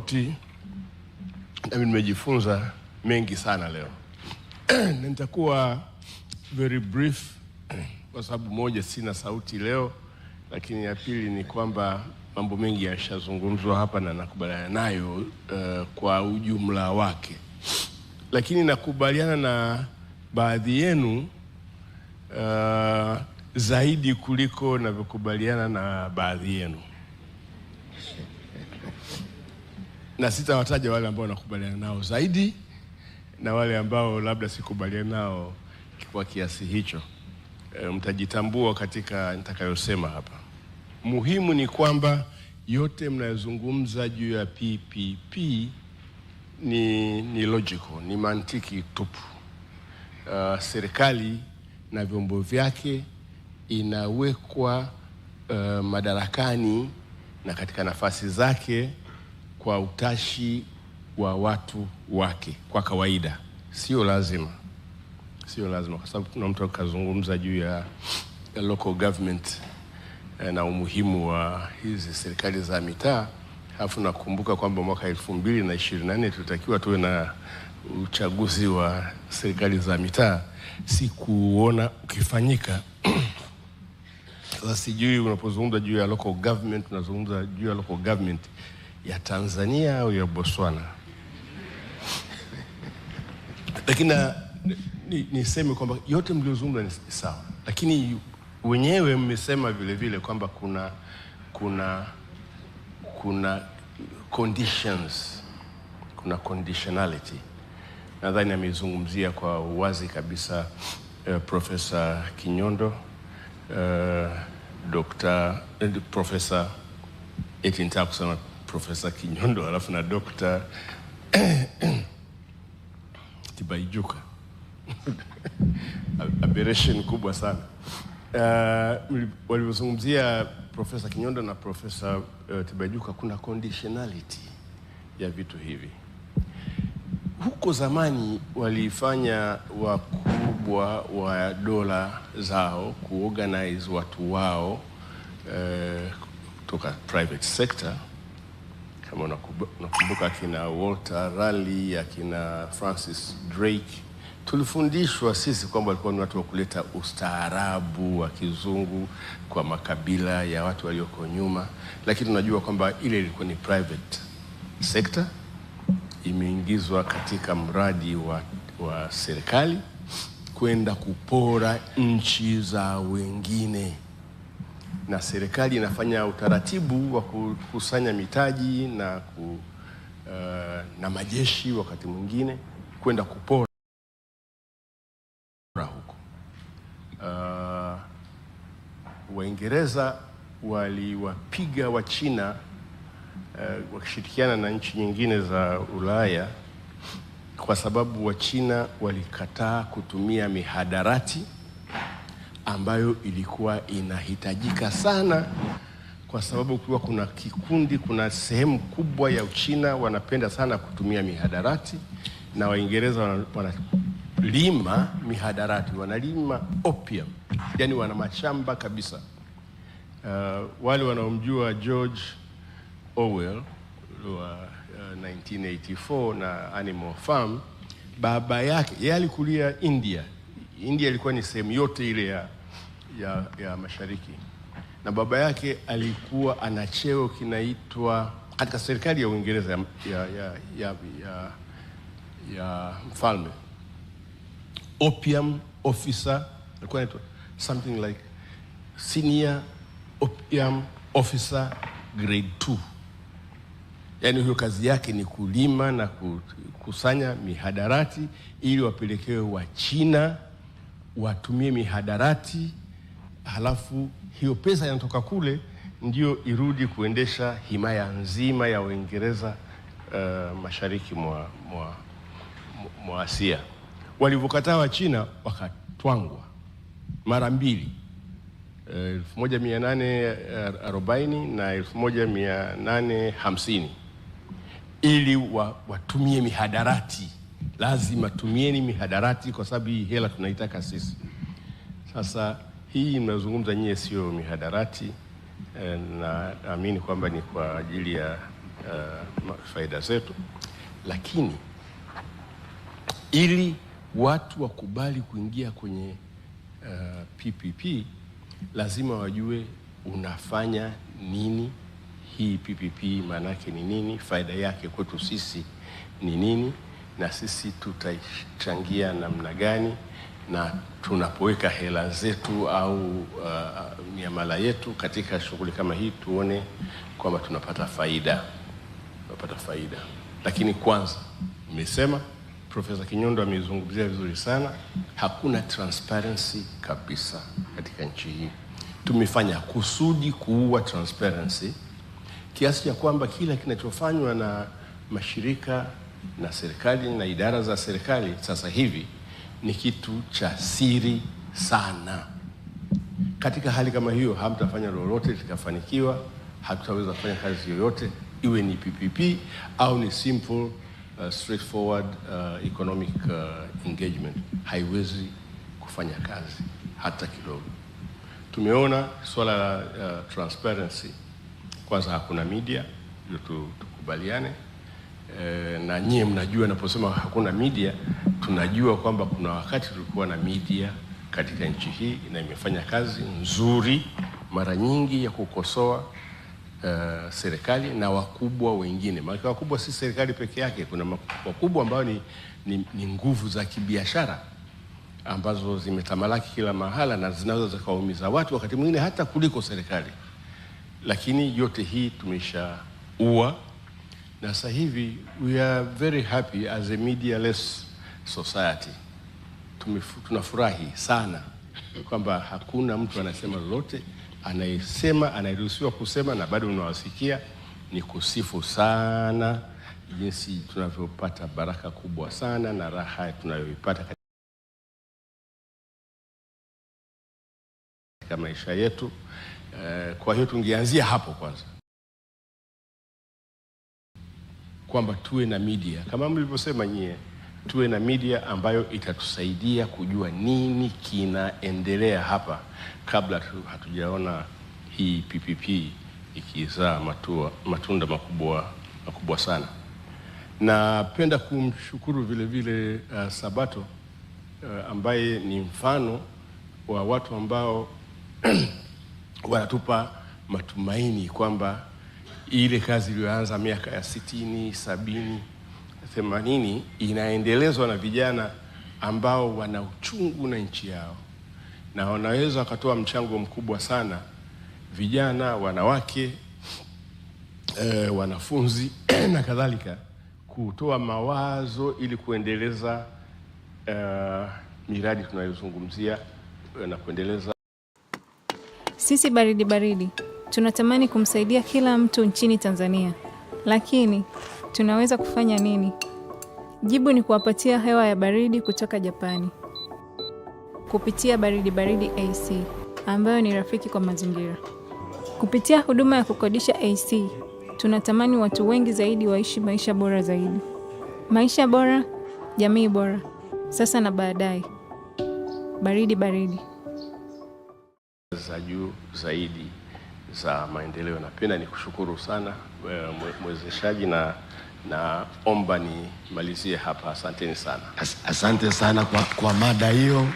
tofauti, nami nimejifunza mengi sana leo na nitakuwa very brief kwa sababu moja, sina sauti leo, lakini ya pili ni kwamba mambo mengi yashazungumzwa hapa na nakubaliana nayo uh, kwa ujumla wake, lakini nakubaliana na baadhi yenu uh, zaidi kuliko navyokubaliana na baadhi yenu. na sitawataja wale ambao nakubaliana nao zaidi na wale ambao labda sikubaliana nao kwa kiasi hicho. E, mtajitambua katika nitakayosema hapa. Muhimu ni kwamba yote mnayozungumza juu ya PPP ni, ni logical, ni mantiki tupu. Uh, serikali na vyombo vyake inawekwa uh, madarakani na katika nafasi zake kwa utashi wa watu wake. Kwa kawaida sio lazima, sio lazima, kwa sababu kuna mtu akazungumza juu ya local government eh, na umuhimu wa hizi serikali za mitaa, alafu nakumbuka kwamba mwaka elfu mbili na ishirini na nne tulitakiwa tuwe na uchaguzi wa serikali za mitaa, sikuona ukifanyika. Sasa sijui unapozungumza juu ya local government, unazungumza juu ya local government ya Tanzania au ya Botswana lakini niseme ni kwamba yote mliozungumza ni sawa, lakini wenyewe mmesema vile vile kwamba kuna kuna kuna conditions, kuna conditionality. Nadhani amezungumzia kwa uwazi kabisa uh, eh, Profesa Kinyondo uh, eh, Dr. uh, eh, Profesa eti nitaka kusema Profesa Kinyondo alafu na Dokta Tibaijuka aberration kubwa sana uh, walivyozungumzia Profesa Kinyondo na Profesa uh, Tibaijuka, kuna conditionality ya vitu hivi. Huko zamani walifanya wakubwa wa dola zao kuorganize watu wao uh, kutoka private sector kama unakumbuka akina Walter Raleigh, akina Francis Drake, tulifundishwa sisi kwamba walikuwa ni watu wa kuleta ustaarabu wa kizungu kwa makabila ya watu walioko nyuma, lakini tunajua kwamba ile ilikuwa ni private sector, imeingizwa katika mradi wa, wa serikali kwenda kupora nchi za wengine na serikali inafanya utaratibu wa kukusanya mitaji na, ku, uh, na majeshi wakati mwingine kwenda kupora huko. Uh, Waingereza waliwapiga Wachina uh, eh, wakishirikiana na nchi nyingine za Ulaya kwa sababu Wachina walikataa kutumia mihadarati ambayo ilikuwa inahitajika sana, kwa sababu kuwa kuna kikundi, kuna sehemu kubwa ya Uchina wanapenda sana kutumia mihadarati na Waingereza wanalima mihadarati, wanalima opium, yani wana mashamba kabisa. Uh, wale wanaomjua George Orwell wa uh, 1984 na Animal Farm, baba yake yeye alikulia India. India ilikuwa ni sehemu yote ile ya ya, ya Mashariki, na baba yake alikuwa ana cheo kinaitwa katika serikali ya Uingereza ya, ya, ya, ya, ya, ya mfalme, opium officer, alikuwa anaitwa something like senior opium officer grade 2. Yaani huyo kazi yake ni kulima na kukusanya mihadarati ili wapelekewe Wachina watumie mihadarati halafu hiyo pesa inatoka kule ndio irudi kuendesha himaya nzima ya Uingereza uh, mashariki mwa, mwa, mwa Asia. Walivyokataa Wachina wakatwangwa mara mbili 1840 eh, eh, na 1850 ili wa, watumie mihadarati. Lazima tumieni mihadarati kwa sababu hii hela tunaitaka sisi sasa hii mnazungumza nyie sio mihadarati, eh, na naamini kwamba ni kwa ajili ya uh, faida zetu, lakini ili watu wakubali kuingia kwenye uh, eh, PPP lazima wajue unafanya nini hii PPP maana ni nini, faida yake kwetu sisi ni nini, na sisi tutachangia namna gani na tunapoweka hela zetu au uh, miamala yetu katika shughuli kama hii, tuone kwamba tunapata faida, tunapata faida. Lakini kwanza, nimesema Profesa Kinyondo amezungumzia vizuri sana, hakuna transparency kabisa katika nchi hii. Tumefanya kusudi kuua transparency kiasi cha kwamba kila kinachofanywa na mashirika na serikali na idara za serikali sasa hivi ni kitu cha siri sana. Katika hali kama hiyo, hamtafanya lolote likafanikiwa, hatutaweza kufanya kazi yoyote, iwe ni PPP au ni simple uh, straightforward uh, economic uh, engagement, haiwezi kufanya kazi hata kidogo. Tumeona swala la uh, transparency kwanza, hakuna media ndio tukubaliane. E, na nyie mnajua naposema hakuna media tunajua kwamba kuna wakati tulikuwa na media katika nchi hii na imefanya kazi nzuri mara nyingi ya kukosoa uh, serikali na wakubwa wengine. Maana wakubwa si serikali peke yake, kuna wakubwa ambao ni, ni, ni nguvu za kibiashara ambazo zimetamalaki kila mahala na zinaweza zikaumiza watu wakati mwingine hata kuliko serikali. Lakini yote hii tumeshaua, na sasa hivi we are very happy as a media less society. Tunafurahi sana kwamba hakuna mtu anasema lolote, anayesema anayeruhusiwa kusema na bado unawasikia ni kusifu sana jinsi tunavyopata baraka kubwa sana na raha tunayoipata katika maisha yetu. Eh, kwa hiyo tungeanzia hapo kwanza, kwamba tuwe na media kama mlivyosema nyie tuwe na media ambayo itatusaidia kujua nini kinaendelea hapa kabla tu hatujaona hii PPP ikizaa matua, matunda makubwa, makubwa sana. Napenda kumshukuru vile vile uh, Sabato uh, ambaye ni mfano wa watu ambao wanatupa matumaini kwamba ile kazi iliyoanza miaka ya sitini, sabini themanini inaendelezwa na vijana ambao wana uchungu na nchi yao na wanaweza wakatoa mchango mkubwa sana, vijana, wanawake e, wanafunzi na kadhalika, kutoa mawazo ili kuendeleza e, miradi tunayozungumzia eh, na kuendeleza. Sisi baridi baridi tunatamani kumsaidia kila mtu nchini Tanzania, lakini tunaweza kufanya nini? Jibu ni kuwapatia hewa ya baridi kutoka Japani kupitia Baridi Baridi AC ambayo ni rafiki kwa mazingira. Kupitia huduma ya kukodisha AC, tunatamani watu wengi zaidi waishi maisha bora zaidi. Maisha bora, jamii bora, sasa na baadaye. Baridi Baridi za juu zaidi za maendeleo. Napenda kushukuru sana mwezeshaji na naomba nimalizie hapa. Asanteni sana. Asante sana kwa, kwa mada hiyo.